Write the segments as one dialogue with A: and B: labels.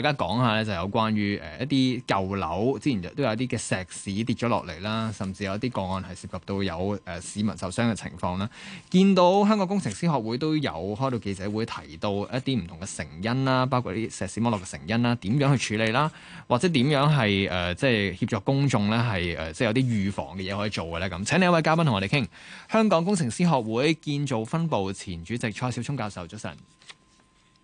A: 大家講下咧，就有關於誒一啲舊樓，之前都有啲嘅石屎跌咗落嚟啦，甚至有啲個案係涉及到有誒市民受傷嘅情況啦。見到香港工程師學會都有開到記者會，提到一啲唔同嘅成因啦，包括啲石屎網絡嘅成因啦，點樣去處理啦，或者點樣係誒即係協助公眾咧係誒即係有啲預防嘅嘢可以做嘅咧咁。請另一位嘉賓同我哋傾，香港工程師學會建造分部前主席蔡少聰教授，早晨。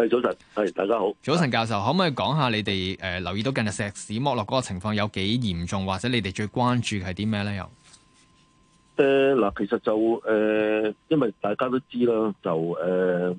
A: 係早晨，係大家好。早晨，教授，啊、可唔可以講下你哋誒、呃、留意到近日石屎剝落嗰個情況有幾嚴重，或者你哋最關注係啲
B: 咩咧？又誒，嗱，其實就誒、呃，因為大家都知啦，就誒誒，石、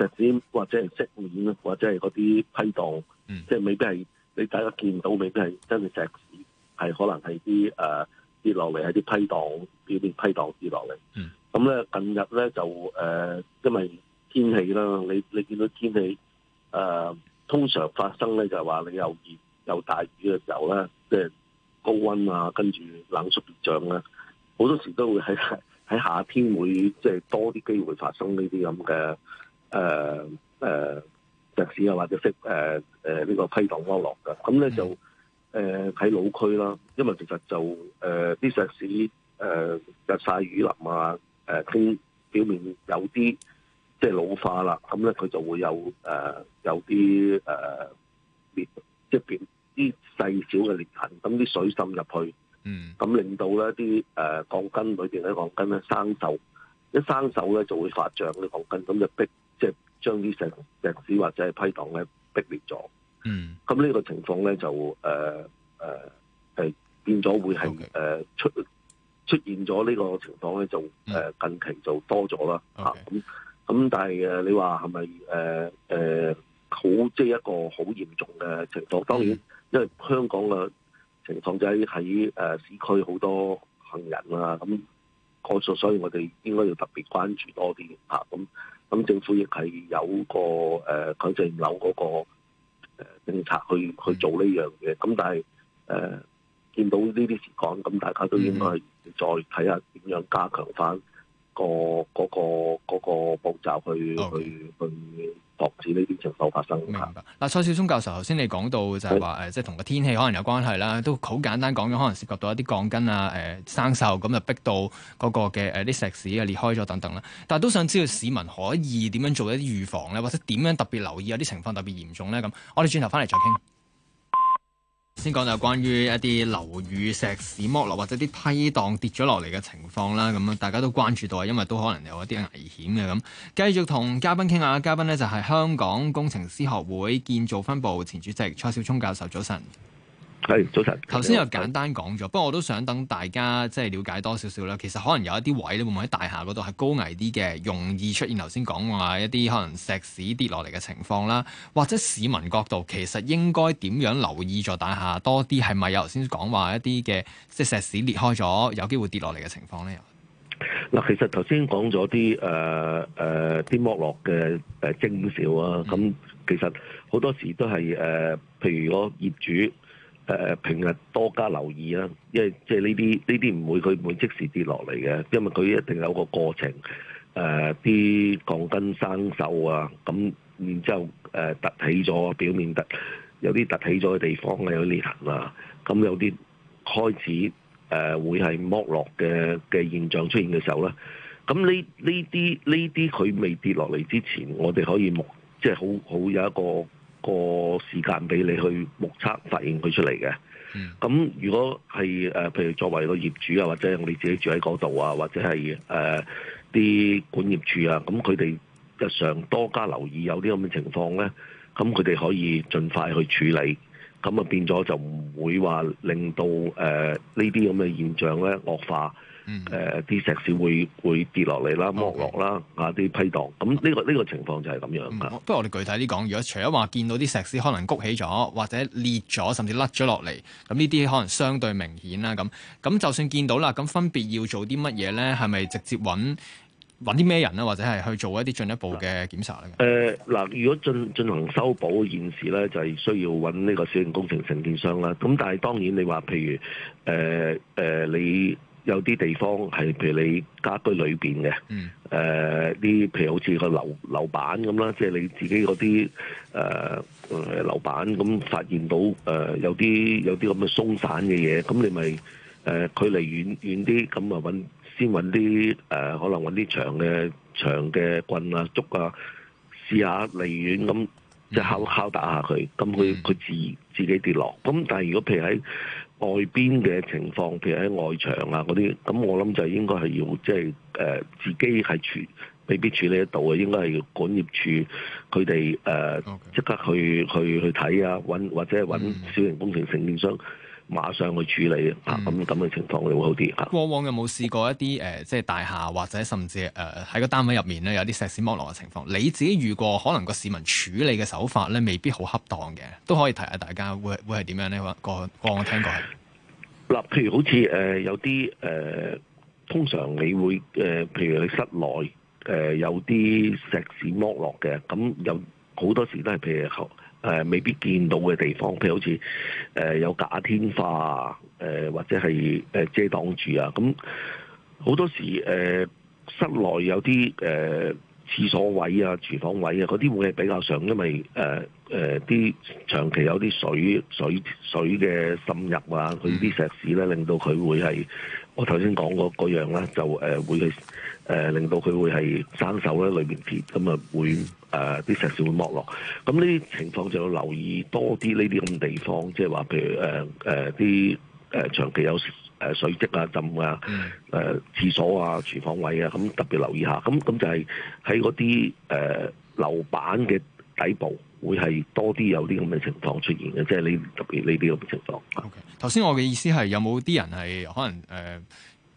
B: 呃、屎、呃、或者石面或者係嗰啲批檔，即係、嗯、未必係你大家見到未必係真係石屎，係可能係啲誒跌落嚟係啲批檔表面批檔跌落嚟。咁咧、嗯嗯、近日咧就誒、呃，因為天氣啦，你你見到天氣誒、呃，通常發生咧就話你又熱又大雨嘅時候咧，即、就、係、是、高溫啊，跟住冷縮熱漲咧，好多時都會喺喺夏天會即係、就是、多啲機會發生呢啲咁嘅誒誒石屎啊或者石誒誒呢個批盪剝落嘅，咁咧就誒喺、呃、老區啦，因為其實就誒啲石屎誒日曬雨淋啊，誒、呃、聽表面有啲。即係老化啦，咁咧佢就會有誒、呃、有啲誒裂，即係變啲細小嘅裂痕，咁啲水滲入去，嗯，咁令到咧啲誒鋼筋裏邊咧鋼筋咧生鏽，一生鏽咧就會發脹啲鋼筋，咁就逼即係、就是、將啲石石屎或者係批盪咧逼裂咗，嗯，咁呢個情況咧就誒誒係變咗會係誒 Okay. 出出現咗呢個情況咧就誒、嗯、近期就多咗啦，Okay. 啊咁。咁、嗯、但係你話係咪誒誒好？即、就、係、是、一個好嚴重嘅情況。當然，因為香港嘅情況就喺喺、呃、市區好多行人啦、啊。咁、嗯、個所以我哋應該要特別關注多啲嚇。咁、嗯、咁政府亦係有個誒、呃、強制驗樓嗰個政策去去做呢樣嘢。咁但係誒見到呢啲情況，咁大家都應該再睇下點樣加強翻。嗯嗯嗰個嗰、嗰個、嗰個步驟去 Okay. 去去防止呢啲情況發生。
A: 明白。嗱，蔡少聰教授頭先你講到就係話誒，即係同個天氣可能有關係啦，都好簡單講嘅，可能涉及到一啲鋼筋啊、誒、呃、生鏽，咁就逼到嗰個嘅誒啲石屎啊裂開咗等等啦。但係都想知道市民可以點樣做一啲預防咧，或者點樣特別留意有啲情況特別嚴重咧咁？我哋轉頭翻嚟再傾。先講就關於一啲樓宇石屎剝落或者啲批檔跌咗落嚟嘅情況啦，咁啊，大家都關注到，因為都可能有一啲危險嘅咁。繼續同嘉賓傾下，嘉賓呢就係香港工程師學會建造分部前主席蔡少聰教授，早晨。
B: 係，早晨。頭先又簡
A: 單講咗，早不過我都想等大家即係了解多少少啦。其實可能有一啲位咧，會唔會喺大廈嗰度係高危啲嘅，容易出現頭先講話一啲可能石屎跌落嚟嘅情況啦。或者市民角度，其實應該點樣留意咗大廈多啲，係咪有頭先講話一啲嘅即係石屎裂開咗，有機會跌落嚟嘅情況咧？
B: 嗱，其實頭先講咗啲誒誒剝落嘅誒徵兆啊，咁、嗯、其實好多時都係誒、呃，譬如如果業主。誒平日多加留意啦，因為即係呢啲呢啲唔會佢唔會即時跌落嚟嘅，因為佢一定有個過程。誒啲鋼筋生鏽啊，咁然之後誒、呃、凸起咗，表面凸有啲凸起咗嘅地方啊，有裂痕，痕啊，咁有啲開始誒、呃、會係剝落嘅嘅現象出現嘅時候咧，咁呢呢啲呢啲佢未跌落嚟之前，我哋可以目即係好好有一個。個時間俾你去目測發現佢出嚟嘅，咁如果係誒、呃，譬如作為個業主啊，或者我哋自己住喺嗰度啊，或者係誒啲管業處啊，咁佢哋日常多加留意有啲咁嘅情況呢，咁佢哋可以盡快去處理，咁啊變咗就唔會話令到誒呢啲咁嘅現象呢惡化。誒啲、嗯呃、石屎會會跌落嚟啦，剝落啦，okay. 啊啲批盪，咁呢、這個呢、嗯、個情況就係咁樣噶、嗯。
A: 不過我哋具體啲講，如果除咗話見到啲石屎可能谷起咗，或者裂咗，甚至甩咗落嚟，咁呢啲可能相對明顯啦。咁咁就算見到啦，咁分別要做啲乜嘢咧？係咪直接揾揾啲咩人咧？或者係去做一啲進一步嘅檢查咧？
B: 誒嗱、呃呃呃，如果進進行修補件事咧，就係、是、需要揾呢個小型工程承建商啦。咁但係當然你話譬如誒誒、呃呃、你。有啲地方係譬如你家居裏邊嘅，誒啲、嗯呃、譬如好似個樓樓板咁啦，即係你自己嗰啲誒樓板咁，發現到誒、呃、有啲有啲咁嘅鬆散嘅嘢，咁你咪誒、呃、距離遠遠啲，咁啊揾先揾啲誒可能揾啲長嘅長嘅棍啊、竹啊，試下離遠咁即係敲敲打下佢，咁佢佢自自己跌落。咁但係如果譬如喺外邊嘅情況，譬如喺外牆啊嗰啲，咁我諗就應該係要即係誒自己係處未必處理得到嘅，應該係要管業處佢哋誒即刻去去去睇啊，揾或者係揾小型工程承建商。Mm-hmm. 馬上去處理啊！咁咁嘅情況會好啲。
A: 過往有冇試過一啲誒、嗯呃，即係大廈或者甚至誒喺、呃、個單位入面咧，有啲石屎剝落嘅情況？你自己遇過可能個市民處理嘅手法咧，未必好恰當嘅，都可以提下大家會，會會係點樣咧？過過我聽過。
B: 嗱，譬如好似誒、呃、有啲誒、呃，通常你會誒、呃，譬如你室內誒、呃、有啲石屎剝落嘅，咁有好多時都係譬如誒、啊、未必見到嘅地方，譬如好似誒有假天花啊，誒、呃、或者係誒、呃、遮擋住啊，咁好多時誒、呃、室內有啲誒、呃、廁所位啊、廚房位啊，嗰啲會係比較常，因為誒誒啲長期有啲水水水嘅滲入啊，佢啲石屎呢令到佢會係。我頭先講嗰嗰樣咧，就誒會誒令到佢會係生鏽咧，裏邊鐵咁啊，會啲、呃、石屎會剝落。咁呢啲情況就要留意多啲呢啲咁嘅地方，即係話譬如誒啲誒長期有水積啊、浸啊、誒廁所啊、廚房位啊，咁特別留意下。咁咁就係喺嗰啲誒樓板嘅底部。會係多啲有啲咁嘅情況出現嘅，即、就、係、是、你特別啲呢嘅情況。頭
A: 先、okay. 我嘅意思係有冇啲人係可能誒唔、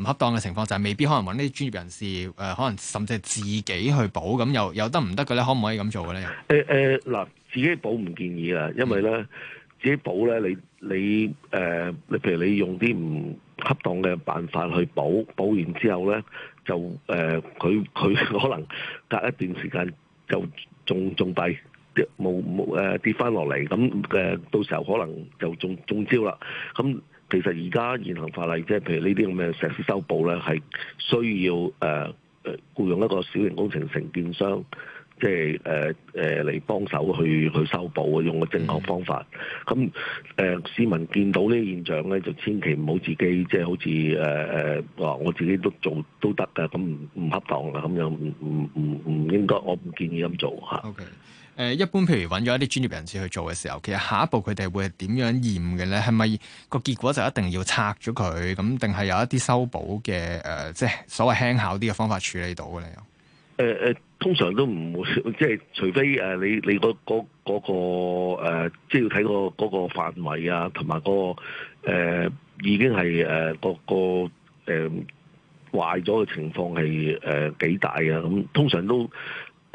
A: 呃、恰當嘅情況，就係、是、未必可能搵啲專業人士誒、呃，可能甚至係自己去補咁又又得唔得嘅咧？可唔可以咁做嘅咧？
B: 誒誒嗱，自己補唔建議啊，因為咧、嗯、自己補咧，你你誒，你、呃、譬如你用啲唔恰當嘅辦法去補，補完之後咧就誒，佢、呃、佢可能隔一段時間就仲仲低。冇冇誒跌翻落嚟，咁誒到時候可能就中中招啦。咁其實而家現行法例即係譬如呢啲咁嘅石屎修補咧，係需要誒誒、呃、僱用一個小型工程承建商，即係誒誒嚟幫手去去修補，用個正確方法。咁誒、嗯呃、市民見到呢個現象咧，就千祈唔好自己即係、就是、好似誒誒話我自己都做都得㗎，咁唔唔恰當啦，咁樣唔唔唔唔應該，我唔建議咁做吓。Okay.
A: 誒一般，譬如揾咗一啲專業人士去做嘅時候，其實下一步佢哋會點樣驗嘅咧？係咪個結果就一定要拆咗佢咁，定係有一啲修補嘅誒、呃，即係所謂輕巧啲嘅方法處理到嘅咧？
B: 誒誒、呃呃，通常都唔會，即係除非誒、呃、你你、嗰個嗰、嗰個、嗰個呃、即係要睇、嗰個嗰、嗰個範圍啊，同埋、嗰個誒、呃、已經係誒、呃嗰個個誒、呃、壞咗嘅情況係誒幾大啊？咁通常都。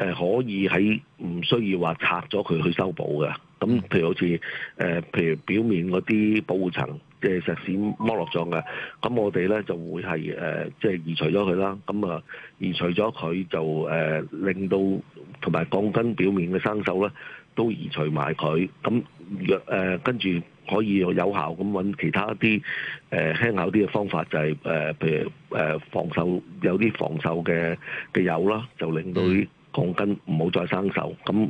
B: 誒、呃、可以喺唔需要話拆咗佢去修補嘅，咁譬如好似誒、呃、譬如表面嗰啲保護層即係石屎剝落咗嘅，咁我哋咧就會係誒、呃、即係移除咗佢啦。咁啊移除咗佢就誒、呃、令到同埋鋼筋表面嘅生鏽咧都移除埋佢。咁若、呃、跟住可以有效咁搵其他一啲誒、呃、輕巧啲嘅方法，就係、是、誒、呃、譬如、呃、防鏽有啲防鏽嘅嘅油啦，就令到、嗯講緊唔好再生鏽，咁、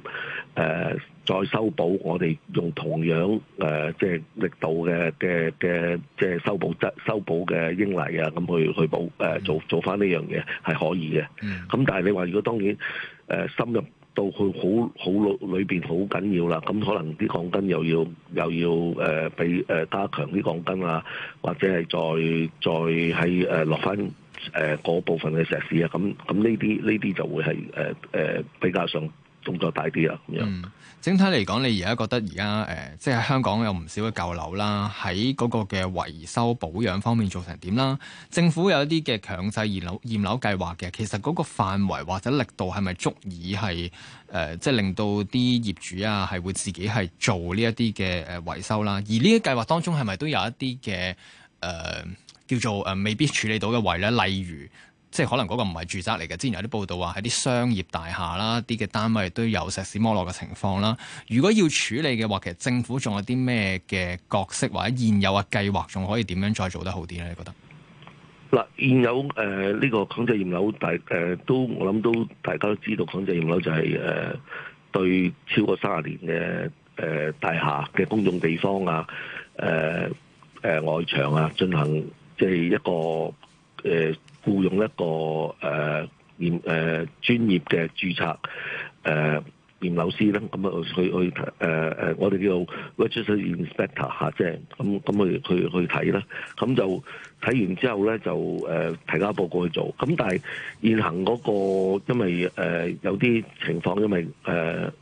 B: 呃、再修補。我哋用同樣、呃、即係力度嘅嘅嘅即係修補質修補嘅英泥啊，咁去去補、呃、做做翻呢樣嘢係可以嘅。咁、嗯、但係你話如果當然、呃、深入。到去好好裏邊好緊要啦，咁可能啲鋼筋又要又要誒俾誒加強啲鋼筋啊，或者係再再喺誒落翻誒嗰部分嘅石屎啊，咁咁呢啲呢啲就會係誒誒比較上。動作大啲
A: 啊！咁樣嗯，整體嚟講，你而家覺得而家誒，即、呃、係、就是、香港有唔少嘅舊樓啦，喺嗰個嘅維修保養方面做成點啦？政府有一啲嘅強制驗樓驗樓計劃嘅，其實嗰個範圍或者力度係咪足以係誒，即、呃、係、就是、令到啲業主啊，係會自己係做呢一啲嘅誒維修啦？而呢啲計劃當中係咪都有一啲嘅誒叫做誒、呃、未必處理到嘅位咧？例如。即係可能嗰個唔係住宅嚟嘅，之前有啲報道話喺啲商業大廈啦，啲嘅單位都有石屎剝落嘅情況啦。如果要處理嘅話，其實政府仲有啲咩嘅角色或者現有嘅計劃，仲可以點樣再做得好啲咧？你覺得？
B: 嗱，現有誒呢、呃這個強制驗樓大誒都我諗都大家都知道，強制驗樓就係、是、誒、呃、對超過三十年嘅誒、呃、大廈嘅公眾地方啊誒誒、呃呃、外牆啊進行即係一個誒。呃雇用一個誒驗誒專業嘅註冊誒驗樓師咧，咁、呃、啊、呃、去、呃我們呃、去我哋叫 registered inspector 下即係咁咁去去去睇啦。咁、嗯、就睇完之後咧，就誒、呃、提交報告去做。咁但係現行嗰、那個，因為誒、呃、有啲情況，因為誒、呃、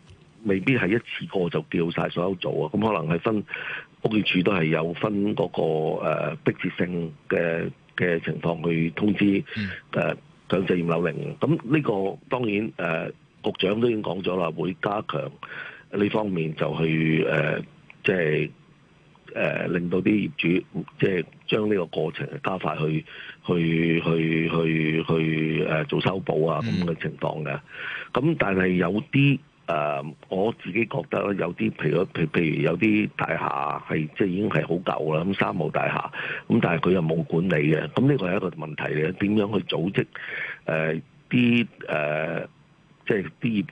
B: 未必係一次過就叫晒所有做啊。咁、呃、可能係分屋企處都係有分嗰、那個誒、呃、迫切性嘅。嘅情況去通知誒、呃、強制驗樓令，咁呢個當然誒、呃、局長都已經講咗啦，會加強呢方面就去誒、呃，即係誒、呃、令到啲業主即係將呢個過程加快去去去去去誒、呃、做修補啊咁嘅情況嘅，咁但係有啲。誒、呃、我自己覺得咧，有啲譬如，譬譬如有啲大廈係即係已經係好舊啦，咁三無大廈，咁但係佢又冇管理嘅，咁呢個係一個問題嚟。點樣去組織誒啲誒，即係啲業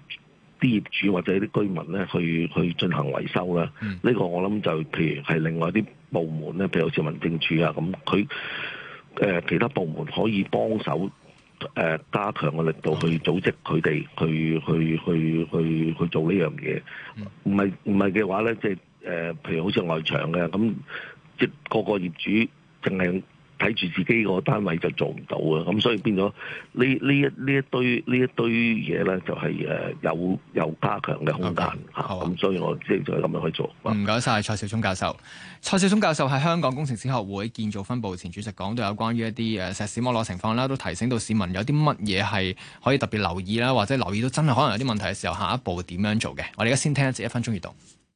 B: 啲業主或者啲居民咧，去去進行維修咧？呢、嗯、個我諗就譬如係另外啲部門咧，譬如好似民政處啊，咁佢誒其他部門可以幫手。誒，加強個力度去組織佢哋去去去去去去做呢樣嘢，唔係、唔係嘅話咧，即係誒，譬如好似外牆嘅咁，即係個個業主淨係。睇住自己個單位就做唔到啊！咁所以變咗呢呢一呢一堆呢一堆嘢咧，就係誒有有加強嘅空間 Okay, 啊！咁、啊、所以我即係就係咁樣去做。唔
A: 該晒，蔡少聰教授。蔡少聰教授喺香港工程師學會建造分部前主席，講到有關於一啲誒石屎剝落情況啦，都提醒到市民有啲乜嘢係可以特別留意啦，或者留意到真係可能有啲問題嘅時候，下一步點樣做嘅？我哋而家先聽一節一分鐘以內。